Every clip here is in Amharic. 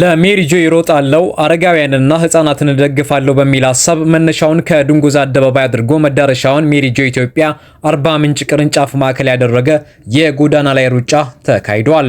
ለሜሪጆ ይሮጣለው አረጋውያንና ህጻናትን እደግፋለሁ በሚል ሀሳብ መነሻውን ከድንጉዝ አደባባይ አድርጎ መዳረሻውን ሜሪጆ ኢትዮጵያ አርባ ምንጭ ቅርንጫፍ ማዕከል ያደረገ የጎዳና ላይ ሩጫ ተካሂዷል።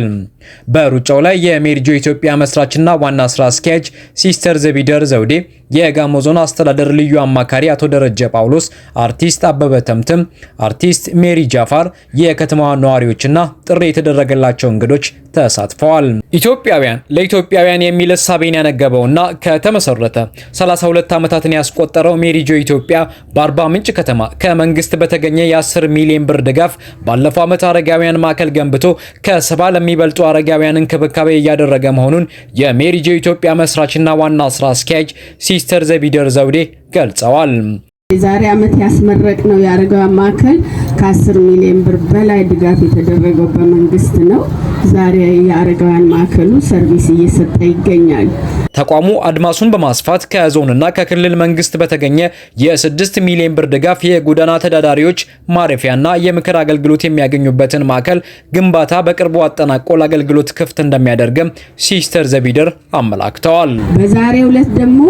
በሩጫው ላይ የሜርጆ ኢትዮጵያ መስራችና ዋና ስራ አስኪያጅ ሲስተር ዘቢደር ዘውዴ፣ የጋሞ ዞን አስተዳደር ልዩ አማካሪ አቶ ደረጀ ጳውሎስ፣ አርቲስት አበበ ተምትም፣ አርቲስት ሜሪ ጃፋር፣ የከተማዋ ነዋሪዎችና ጥሪ የተደረገላቸው እንግዶች ተሳትፈዋል። ኢትዮጵያውያን ለኢትዮጵያውያን የሚል እሳቤን ያነገበውና ከተመሰረተ 32 ዓመታትን ያስቆጠረው ሜሪጆ ኢትዮጵያ በአርባ ምንጭ ከተማ ከመንግስት በተገኘ የ10 ሚሊዮን ብር ድጋፍ ባለፈው ዓመት አረጋውያን ማዕከል ገንብቶ ከሰባ ለሚበልጡ ለአረጋውያን እንክብካቤ እያደረገ መሆኑን የሜሪጆ ኢትዮጵያ መስራችና ዋና ስራ አስኪያጅ ሲስተር ዘቢደር ዘውዴ ገልጸዋል። የዛሬ ዓመት ያስመረቅ ነው የአረጋውያን ማዕከል ከ10 ሚሊዮን ብር በላይ ድጋፍ የተደረገው በመንግስት ነው። ዛሬ የአረጋውያን ማዕከሉ ሰርቪስ እየሰጠ ይገኛል። ተቋሙ አድማሱን በማስፋት ከዞንና ከክልል መንግስት በተገኘ የ6 ሚሊዮን ብር ድጋፍ የጎዳና ተዳዳሪዎች ማረፊያና የምክር አገልግሎት የሚያገኙበትን ማዕከል ግንባታ በቅርቡ አጠናቆ ለአገልግሎት ክፍት እንደሚያደርግም ሲስተር ዘቢደር አመላክተዋል። በዛሬው ዕለት ደግሞ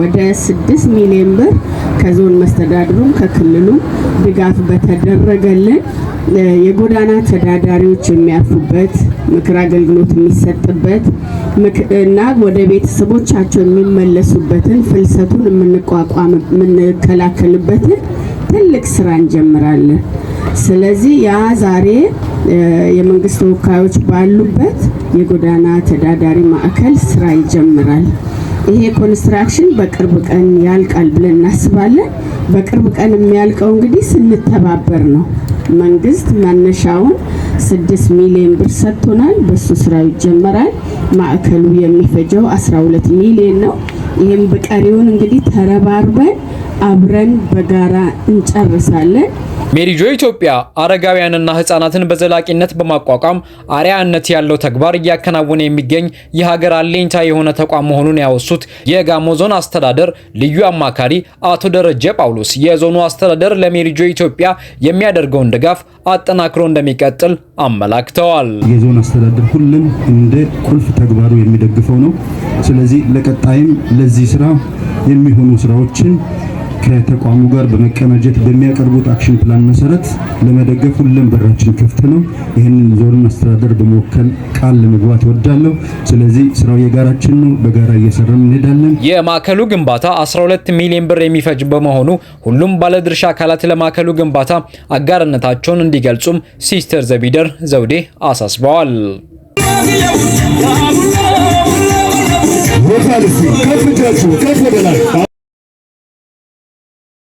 ወደ ስድስት ሚሊዮን ብር ከዞን መስተዳድሩም ከክልሉ ድጋፍ በተደረገልን የጎዳና ተዳዳሪዎች የሚያርፉበት ምክር አገልግሎት የሚሰጥበት እና ወደ ቤተሰቦቻቸው የሚመለሱበትን ፍልሰቱን የምንቋቋም የምንከላከልበትን ትልቅ ስራ እንጀምራለን። ስለዚህ ያ ዛሬ የመንግስት ተወካዮች ባሉበት የጎዳና ተዳዳሪ ማዕከል ስራ ይጀምራል። ይሄ ኮንስትራክሽን በቅርብ ቀን ያልቃል ብለን እናስባለን። በቅርብ ቀን የሚያልቀው እንግዲህ ስንተባበር ነው። መንግስት መነሻውን ስድስት ሚሊዮን ብር ሰጥቶናል። በሱ ስራው ይጀመራል። ማዕከሉ የሚፈጀው 12 ሚሊዮን ነው። ይህም በቀሪውን እንግዲህ ተረባርበን አብረን በጋራ እንጨርሳለን። ሜሪጆ ኢትዮጵያ አረጋውያንና ህጻናትን በዘላቂነት በማቋቋም አሪያነት ያለው ተግባር እያከናወነ የሚገኝ የሀገር አለኝታ የሆነ ተቋም መሆኑን ያወሱት የጋሞ ዞን አስተዳደር ልዩ አማካሪ አቶ ደረጀ ጳውሎስ የዞኑ አስተዳደር ለሜሪጆ ኢትዮጵያ የሚያደርገውን ድጋፍ አጠናክሮ እንደሚቀጥል አመላክተዋል። የዞን አስተዳደር ሁሉም እንደ ቁልፍ ተግባሩ የሚደግፈው ነው። ስለዚህ ለቀጣይም ለዚህ ስራ የሚሆኑ ስራዎችን ከተቋሙ ጋር በመቀናጀት በሚያቀርቡት አክሽን ፕላን መሰረት ለመደገፍ ሁሉም በራችን ክፍት ነው። ይህንን ዞንን አስተዳደር በመወከል ቃል ለመግባት እወዳለሁ። ስለዚህ ስራው የጋራችን ነው፣ በጋራ እየሰራን እንሄዳለን። የማዕከሉ ግንባታ 12 ሚሊዮን ብር የሚፈጅ በመሆኑ ሁሉም ባለድርሻ አካላት ለማዕከሉ ግንባታ አጋርነታቸውን እንዲገልጹም ሲስተር ዘቢደር ዘውዴ አሳስበዋል።